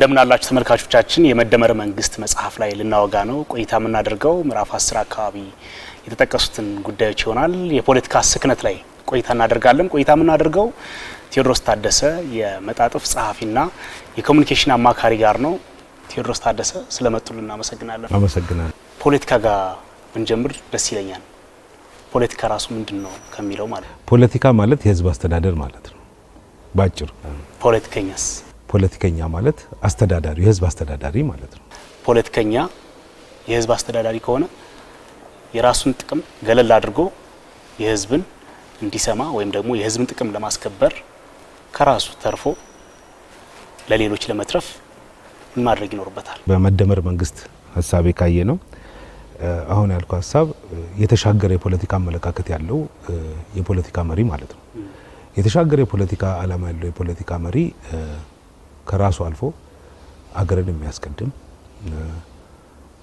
እንደምናላችሁ ተመልካቾቻችን። የመደመር መንግስት መጽሐፍ ላይ ልናወጋ ነው። ቆይታ የምናደርገው ምዕራፍ አስር አካባቢ የተጠቀሱትን ጉዳዮች ይሆናል። የፖለቲካ ስክነት ላይ ቆይታ እናደርጋለን። ቆይታ የምናደርገው ቴዎድሮስ ታደሰ የመጣጥፍ ጸሐፊና የኮሚኒኬሽን አማካሪ ጋር ነው። ቴዎድሮስ ታደሰ ስለመጡልን እናመሰግናለን። አመሰግናለሁ። ፖለቲካ ጋር ብንጀምር ደስ ይለኛል። ፖለቲካ ራሱ ምንድን ነው ከሚለው ማለት ፖለቲካ ማለት የህዝብ አስተዳደር ማለት ነው ባጭሩ። ፖለቲከኛስ ፖለቲከኛ ማለት አስተዳዳሪ የህዝብ አስተዳዳሪ ማለት ነው። ፖለቲከኛ የህዝብ አስተዳዳሪ ከሆነ የራሱን ጥቅም ገለል አድርጎ የህዝብን እንዲሰማ ወይም ደግሞ የህዝብን ጥቅም ለማስከበር ከራሱ ተርፎ ለሌሎች ለመትረፍ ምን ማድረግ ይኖርበታል? በመደመር መንግስት ሀሳቤ ካየ ነው አሁን ያልኩ ሀሳብ የተሻገረ የፖለቲካ አመለካከት ያለው የፖለቲካ መሪ ማለት ነው። የተሻገረ የፖለቲካ አላማ ያለው የፖለቲካ መሪ ከራሱ አልፎ አገርን የሚያስቀድም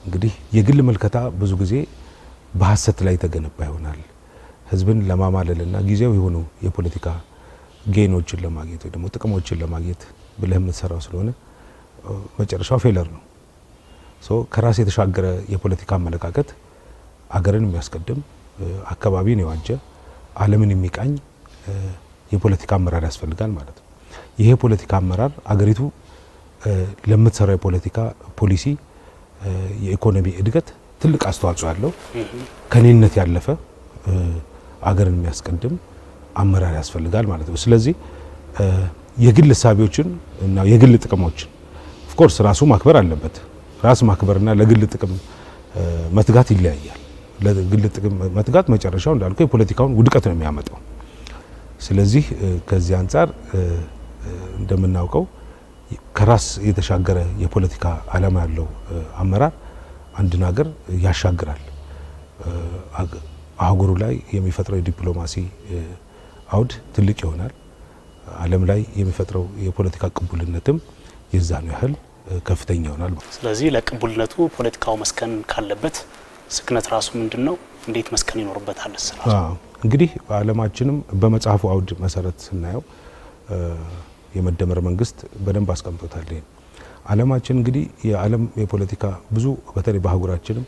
እንግዲህ የግል ምልከታ ብዙ ጊዜ በሀሰት ላይ ተገነባ ይሆናል። ህዝብን ለማማለልና ጊዜው የሆኑ የፖለቲካ ጌኖችን ለማግኘት ወይ ደግሞ ጥቅሞችን ለማግኘት ብለህ የምትሰራው ስለሆነ መጨረሻው ፌለር ነው። ከራስ የተሻገረ የፖለቲካ አመለካከት አገርን የሚያስቀድም አካባቢን የዋጀ ዓለምን የሚቃኝ የፖለቲካ አመራር ያስፈልጋል ማለት ነው። ይሄ የፖለቲካ አመራር አገሪቱ ለምትሰራው የፖለቲካ ፖሊሲ፣ የኢኮኖሚ እድገት ትልቅ አስተዋጽኦ ያለው ከኔነት ያለፈ አገርን የሚያስቀድም አመራር ያስፈልጋል ማለት ነው። ስለዚህ የግል ሳቢዎችን እና የግል ጥቅሞችን ኦፍኮርስ ራሱ ማክበር አለበት። ራስ ማክበርና ለግል ጥቅም መትጋት ይለያያል። ለግል ጥቅም መትጋት መጨረሻው እንዳልኩ የፖለቲካውን ውድቀት ነው የሚያመጣው። ስለዚህ ከዚህ አንጻር እንደምናውቀው ከራስ የተሻገረ የፖለቲካ ዓላማ ያለው አመራር አንድን ሀገር ያሻግራል። አህጉሩ ላይ የሚፈጥረው የዲፕሎማሲ አውድ ትልቅ ይሆናል። ዓለም ላይ የሚፈጥረው የፖለቲካ ቅቡልነትም የዛን ያህል ከፍተኛ ይሆናል። ስለዚህ ለቅቡልነቱ ፖለቲካው መስከን ካለበት ስክነት ራሱ ምንድን ነው? እንዴት መስከን ይኖርበታል? እንግዲህ ዓለማችንም በመጽሐፉ አውድ መሰረት ስናየው የመደመር መንግስት በደንብ አስቀምጦታል። ይሄን አለማችን እንግዲህ የዓለም የፖለቲካ ብዙ በተለይ በአህጉራችንም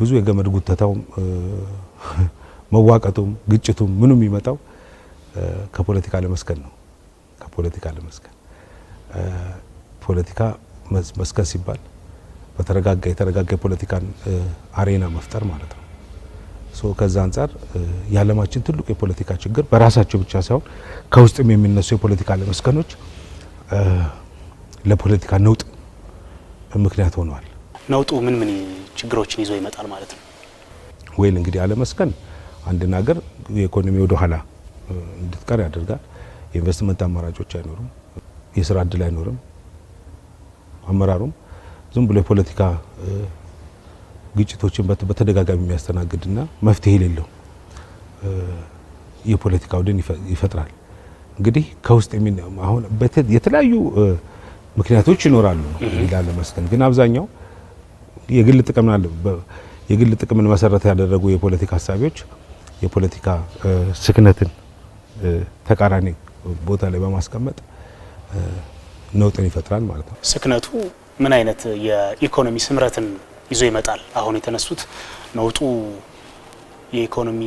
ብዙ የገመድ ጉተታውም መዋቀቱም ግጭቱም ምኑ የሚመጣው ከፖለቲካ ለመስከን ነው። ከፖለቲካ ለመስከን ፖለቲካ መስከን ሲባል በተረጋጋ የተረጋጋ የፖለቲካን አሬና መፍጠር ማለት ነው። ከዛ አንጻር የዓለማችን ትልቁ የፖለቲካ ችግር በራሳቸው ብቻ ሳይሆን ከውስጥም የሚነሱ የፖለቲካ አለመስከኖች ለፖለቲካ ነውጥ ምክንያት ሆነዋል። ነውጡ ምን ምን ችግሮችን ይዞ ይመጣል ማለት ነው? ወይል እንግዲህ አለመስከን አንድን ሀገር የኢኮኖሚ ወደ ኋላ እንድትቀር ያደርጋል። የኢንቨስትመንት አማራጮች አይኖሩም። የስራ እድል አይኖርም። አመራሩም ዝም ብሎ የፖለቲካ ግጭቶችን በተደጋጋሚ የሚያስተናግድና መፍትሄ የሌለው የፖለቲካ አውድን ይፈጥራል። እንግዲህ ከውስጥ አሁን የተለያዩ ምክንያቶች ይኖራሉ ላለመስከን ግን አብዛኛው የግል ጥቅም የግል ጥቅምን መሰረት ያደረጉ የፖለቲካ ሀሳቢዎች የፖለቲካ ስክነትን ተቃራኒ ቦታ ላይ በማስቀመጥ ነውጥን ይፈጥራል ማለት ነው። ስክነቱ ምን አይነት የኢኮኖሚ ስምረትን ይዞ ይመጣል። አሁን የተነሱት ነውጡ የኢኮኖሚ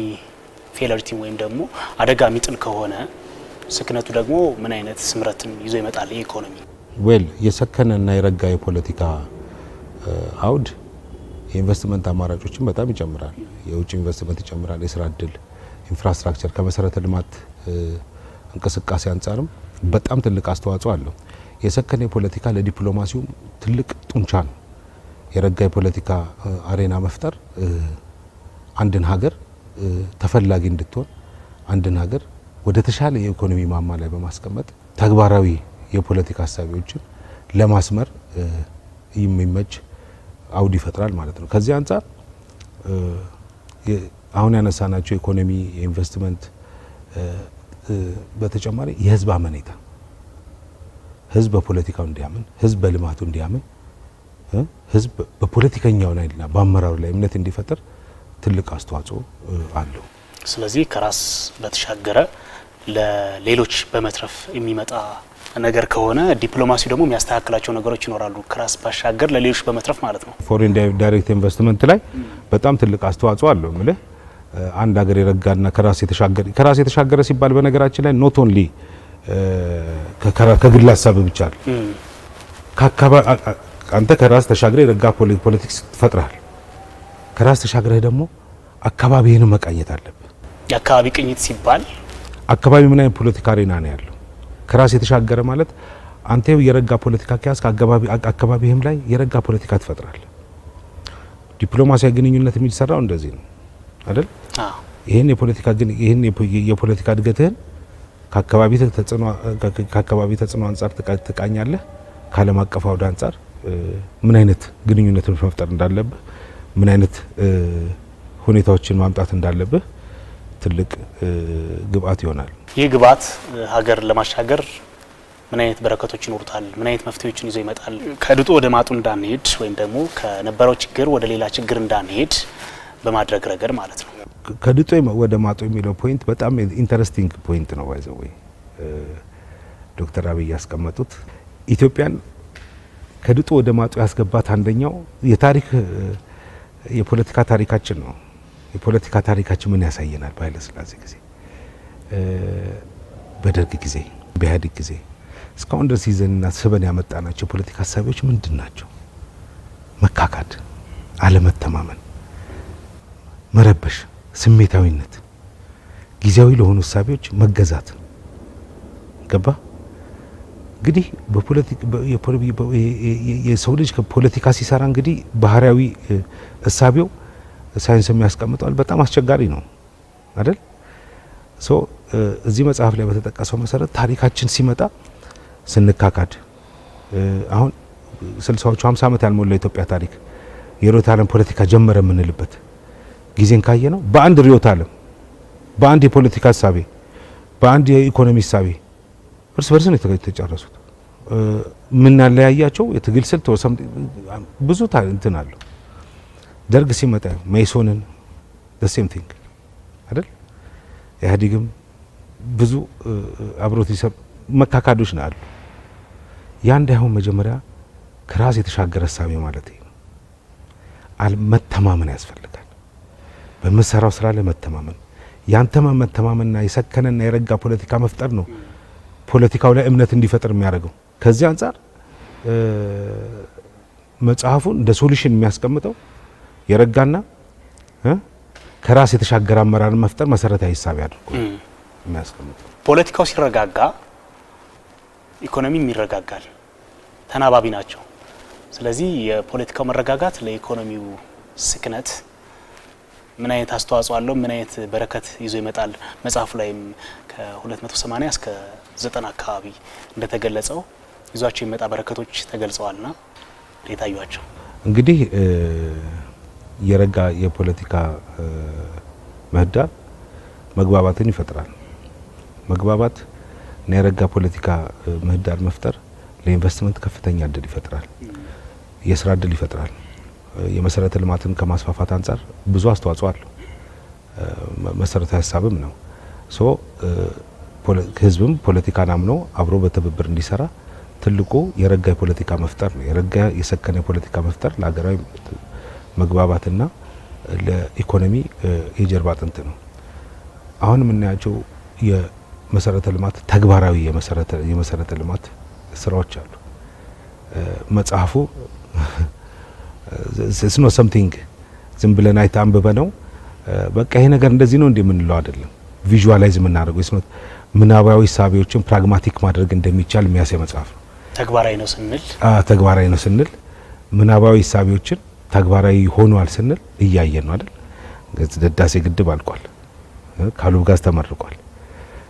ፌለሪቲ ወይም ደግሞ አደጋ የሚጥል ከሆነ ስክነቱ ደግሞ ምን አይነት ስምረትን ይዞ ይመጣል? የኢኮኖሚ ዌል የሰከነ እና የረጋ የፖለቲካ አውድ የኢንቨስትመንት አማራጮችን በጣም ይጨምራል። የውጭ ኢንቨስትመንት ይጨምራል። የስራ እድል፣ ኢንፍራስትራክቸር ከመሰረተ ልማት እንቅስቃሴ አንጻርም በጣም ትልቅ አስተዋጽኦ አለው። የሰከነ የፖለቲካ ለዲፕሎማሲውም ትልቅ ጡንቻ ነው። የረጋ የፖለቲካ አሬና መፍጠር አንድን ሀገር ተፈላጊ እንድትሆን አንድን ሀገር ወደ ተሻለ የኢኮኖሚ ማማ ላይ በማስቀመጥ ተግባራዊ የፖለቲካ ሀሳቢዎችን ለማስመር የሚመች አውድ ይፈጥራል ማለት ነው። ከዚህ አንጻር አሁን ያነሳናቸው የኢኮኖሚ የኢንቨስትመንት በተጨማሪ የህዝብ አመኔታ ህዝብ በፖለቲካው እንዲያምን፣ ህዝብ በልማቱ እንዲያምን ህዝብ በፖለቲከኛው ላይና በአመራሩ ላይ እምነት እንዲፈጥር ትልቅ አስተዋጽኦ አለው። ስለዚህ ከራስ በተሻገረ ለሌሎች በመትረፍ የሚመጣ ነገር ከሆነ ዲፕሎማሲ ደግሞ የሚያስተካክላቸው ነገሮች ይኖራሉ። ከራስ ባሻገር ለሌሎች በመትረፍ ማለት ነው። ፎሬን ዳይሬክት ኢንቨስትመንት ላይ በጣም ትልቅ አስተዋጽኦ አለው ምልህ አንድ ሀገር የረጋና ከራስ የተሻገረ ከራስ የተሻገረ ሲባል በነገራችን ላይ ኖት ኦንሊ ከግል ሀሳብ ብቻ አንተ ከራስ ተሻግረህ የረጋ ፖለቲክስ ትፈጥራል። ከራስ ተሻግረህ ደግሞ አካባቢህን መቃኘት አለብህ። የአካባቢ ቅኝት ሲባል አካባቢ ምን አይነት ፖለቲካ ሬና ነው ያለው? ከራስ የተሻገረ ማለት አንተ የረጋ ፖለቲካ ከያዝክ አካባቢህም ላይ የረጋ ፖለቲካ ትፈጥራል። ዲፕሎማሲያዊ ግንኙነት የሚሰራው እንደዚህ ነው አይደል? ይህን የፖለቲካ ግን ይህን የፖለቲካ እድገትህን ከአካባቢ ተጽዕኖ አንጻር ትቃኛለህ፣ ከዓለም አቀፍ አውድ አንጻር ምን አይነት ግንኙነትን መፍጠር እንዳለብህ፣ ምን አይነት ሁኔታዎችን ማምጣት እንዳለብህ ትልቅ ግብአት ይሆናል። ይህ ግብአት ሀገር ለማሻገር ምን አይነት በረከቶች ይኖሩታል? ምን አይነት መፍትሄዎችን ይዞ ይመጣል? ከድጡ ወደ ማጡ እንዳንሄድ ወይም ደግሞ ከነበረው ችግር ወደ ሌላ ችግር እንዳንሄድ በማድረግ ረገድ ማለት ነው። ከድጡ ወደ ማጡ የሚለው ፖይንት በጣም ኢንተረስቲንግ ፖይንት ነው። ዘወይ ዶክተር አብይ ያስቀመጡት ኢትዮጵያን ከድጡ ወደ ማጡ ያስገባት አንደኛው የታሪክ የፖለቲካ ታሪካችን ነው። የፖለቲካ ታሪካችን ምን ያሳየናል? በኃይለ ሥላሴ ጊዜ፣ በደርግ ጊዜ፣ በኢህአዴግ ጊዜ እስካሁን ድረስ ይዘንና ስበን ያመጣናቸው የፖለቲካ ሀሳቢዎች ምንድን ናቸው? መካካድ፣ አለመተማመን፣ መረበሽ፣ ስሜታዊነት፣ ጊዜያዊ ለሆኑ ሀሳቢዎች መገዛት ገባ እንግዲህ የሰው ልጅ ፖለቲካ ሲሰራ እንግዲህ ባህሪያዊ እሳቤው ሳይንስ የሚያስቀምጠዋል በጣም አስቸጋሪ ነው አይደል? እዚህ መጽሐፍ ላይ በተጠቀሰው መሰረት ታሪካችን ሲመጣ ስንካካድ አሁን ስልሳዎቹ ሀምሳ ዓመት ያልሞላው የኢትዮጵያ ታሪክ የርዕዮተ ዓለም ፖለቲካ ጀመረ የምንልበት ጊዜን ካየ ነው በአንድ ሪዮት ዓለም በአንድ የፖለቲካ እሳቤ በአንድ የኢኮኖሚ እሳቤ እርስ በርስ በርስን የተጨረሱት የምናለያያቸው የትግል ስልት ወሰም ብዙ እንትን አለው። ደርግ ሲመጣ ሜሶንን ሴም ቲንግ አይደል? ኢህአዴግም ብዙ አብሮት ይሰብ መካካዶች ነው አሉ። ያ እንዳይሆን መጀመሪያ ከራስ የተሻገረ ሀሳቤ ማለት አል መተማመን ያስፈልጋል። በምሰራው ስራ ላይ መተማመን ያንተማ መተማመንና የሰከነና የረጋ ፖለቲካ መፍጠር ነው ፖለቲካው ላይ እምነት እንዲፈጥር የሚያደርገው። ከዚህ አንጻር መጽሐፉን እንደ ሶሉሽን የሚያስቀምጠው የረጋና ከራስ የተሻገረ አመራር መፍጠር መሰረታዊ ሀሳብ አድርጎ የሚያስቀምጠው። ፖለቲካው ሲረጋጋ ኢኮኖሚም ይረጋጋል። ተናባቢ ናቸው። ስለዚህ የፖለቲካው መረጋጋት ለኢኮኖሚው ስክነት ምን አይነት አስተዋጽኦ አለው? ምን አይነት በረከት ይዞ ይመጣል? መጽሐፉ ላይም ከ280 እስከ 90 አካባቢ እንደተገለጸው ይዟቸው የሚመጣ በረከቶች ተገልጸዋልና የታዩቸው እንግዲህ የረጋ የፖለቲካ ምህዳር መግባባትን ይፈጥራል። መግባባት እና የረጋ ፖለቲካ ምህዳር መፍጠር ለኢንቨስትመንት ከፍተኛ እድል ይፈጥራል፣ የስራ እድል ይፈጥራል። የመሰረተ ልማትን ከማስፋፋት አንጻር ብዙ አስተዋጽኦ አለው። መሰረታዊ ሀሳብም ነው። ህዝብም ፖለቲካን አምኖ አብሮ በትብብር እንዲሰራ ትልቁ የረጋ የፖለቲካ መፍጠር ነው። የረጋ የሰከነ የፖለቲካ መፍጠር ለሀገራዊ መግባባትና ለኢኮኖሚ የጀርባ አጥንት ነው። አሁን የምናያቸው የመሰረተ ልማት ተግባራዊ የመሰረተ ልማት ስራዎች አሉ። መጽሐፉ ስኖ ሰምቲንግ ዝም ብለን አይተ አንብበ ነው በቃ ይሄ ነገር እንደዚህ ነው እንደምንለው የምንለው አይደለም። ቪዥዋላይዝ የምናደርገው የስመት ምናባዊ ሳቢዎችን ፕራግማቲክ ማድረግ እንደሚቻል የሚያሳይ መጽሐፍ ነው። ተግባራዊ ነው ስንል ተግባራዊ ነው ስንል ምናባዊ ሳቢዎችን ተግባራዊ ሆኗል ስንል እያየን ነው አይደል? ህዳሴ ግድብ አልቋል፣ ካሉብ ጋዝ ተመርቋል፣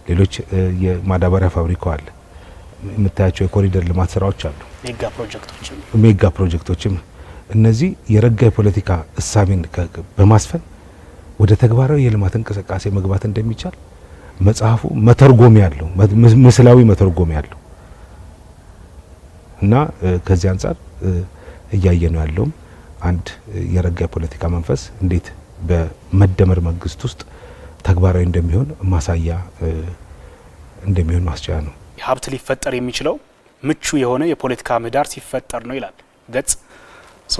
ሌሎች የማዳበሪያ ፋብሪካው አለ፣ የምታያቸው የኮሪደር ልማት ስራዎች አሉ፣ ሜጋ ፕሮጀክቶችም እነዚህ የረጋ የፖለቲካ እሳቤን በማስፈን ወደ ተግባራዊ የልማት እንቅስቃሴ መግባት እንደሚቻል መጽሐፉ መተርጎም ያለው ምስላዊ መተርጎም ያለው እና ከዚህ አንጻር እያየ ነው ያለውም አንድ የረጋ የፖለቲካ መንፈስ እንዴት በመደመር መንግስት ውስጥ ተግባራዊ እንደሚሆን ማሳያ እንደሚሆን ማስቻያ ነው። የሀብት ሊፈጠር የሚችለው ምቹ የሆነ የፖለቲካ ምህዳር ሲፈጠር ነው ይላል ገጽ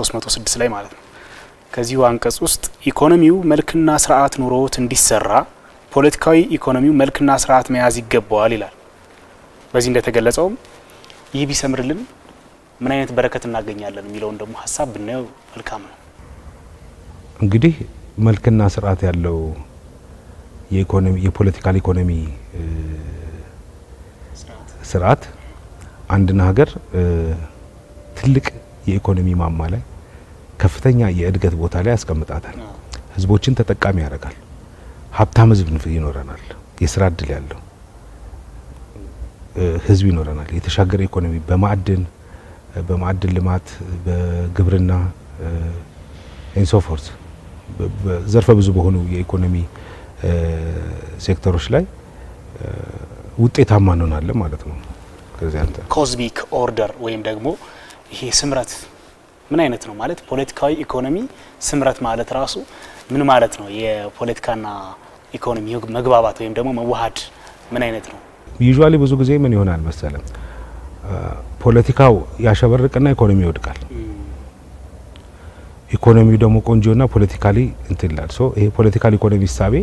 306 ላይ ማለት ነው። ከዚሁ አንቀጽ ውስጥ ኢኮኖሚው መልክና ስርዓት ኑሮት እንዲሰራ ፖለቲካዊ ኢኮኖሚው መልክና ስርዓት መያዝ ይገባዋል ይላል። በዚህ እንደተገለጸውም ይህ ቢሰምርልን ምን አይነት በረከት እናገኛለን የሚለውን ደግሞ ሀሳብ ብናየው መልካም ነው። እንግዲህ መልክና ስርዓት ያለው የፖለቲካል ኢኮኖሚ ስርዓት አንድን ሀገር ትልቅ የኢኮኖሚ ማማ ላይ ከፍተኛ የእድገት ቦታ ላይ ያስቀምጣታል። ህዝቦችን ተጠቃሚ ያደርጋል። ሀብታም ህዝብ ይኖረናል። የስራ እድል ያለው ህዝብ ይኖረናል። የተሻገረ ኢኮኖሚ በማዕድን በማዕድን ልማት በግብርና ኢንሶፎርት ዘርፈ ብዙ በሆኑ የኢኮኖሚ ሴክተሮች ላይ ውጤታማ እንሆናለን ማለት ነው። ከዚያ ኮዝሚክ ኦርደር ወይም ደግሞ ይሄ ስምረት ምን አይነት ነው ማለት ፖለቲካዊ ኢኮኖሚ ስምረት ማለት ራሱ ምን ማለት ነው? የፖለቲካና ኢኮኖሚ መግባባት ወይም ደግሞ መዋሃድ ምን አይነት ነው? ዩዥዋሊ ብዙ ጊዜ ምን ይሆናል መሰለም ፖለቲካው ያሸበርቅና ኢኮኖሚ ይወድቃል። ኢኮኖሚው ደግሞ ቆንጆና ፖለቲካሊ እንትን ይላል። ሶ ይሄ ፖለቲካል ኢኮኖሚ እሳቤ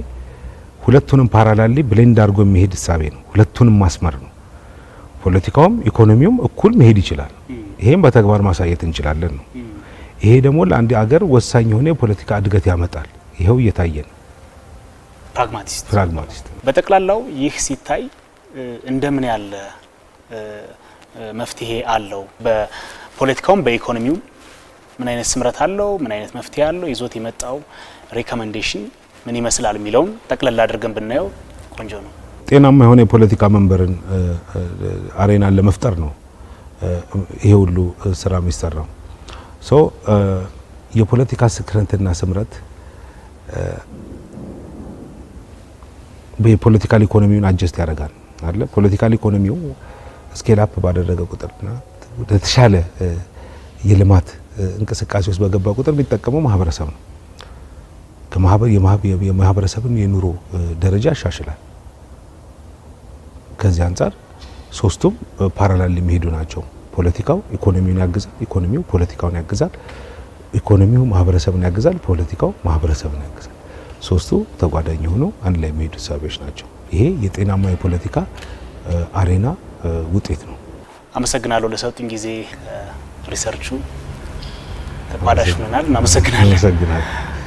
ሁለቱንም ፓራላሊ ብሌንድ አድርጎ የሚሄድ እሳቤ ነው። ሁለቱንም ማስመር ነው። ፖለቲካውም ኢኮኖሚውም እኩል መሄድ ይችላል። ይሄም በተግባር ማሳየት እንችላለን ነው። ይሄ ደግሞ ለአንድ አገር ወሳኝ የሆነ የፖለቲካ እድገት ያመጣል። ይኸው እየታየ ነው። ፕራግማቲስት ፕራግማቲስት። በጠቅላላው ይህ ሲታይ እንደምን ያለ መፍትሄ አለው? በፖለቲካውም በኢኮኖሚውም ምን አይነት ስምረት አለው? ምን አይነት መፍትሄ አለው? ይዞት የመጣው ሪኮመንዴሽን ምን ይመስላል የሚለውን ጠቅለል አድርገን ብናየው ቆንጆ ነው። ጤናማ የሆነ የፖለቲካ መንበርን አሬናን ለመፍጠር ነው ይሄ ሁሉ ስራ የሚሰራው ሶ የፖለቲካ ስክርንትና ስምረት የፖለቲካል ኢኮኖሚውን አጀስት ያደርጋል አለ ፖለቲካል ኢኮኖሚው ስኬል አፕ ባደረገ ቁጥርና የተሻለ የልማት እንቅስቃሴ ውስጥ በገባ ቁጥር የሚጠቀመው ማህበረሰብ ነው። የማህበረሰብን የኑሮ ደረጃ ያሻሽላል። ከዚህ አንጻር ሶስቱም ፓራላል የሚሄዱ ናቸው። ፖለቲካው ኢኮኖሚውን ያግዛል፣ ኢኮኖሚው ፖለቲካውን ያግዛል፣ ኢኮኖሚው ማህበረሰብን ያግዛል፣ ፖለቲካው ማህበረሰብን ያግዛል። ሶስቱ ተጓዳኝ የሆኑ አንድ ላይ የሚሄዱ እሳቤዎች ናቸው። ይሄ የጤናማ የፖለቲካ አሬና ውጤት ነው። አመሰግናለሁ ለሰጡኝ ጊዜ። ሪሰርቹ ተቋዳሽ ሆነናል። እናመሰግናለን።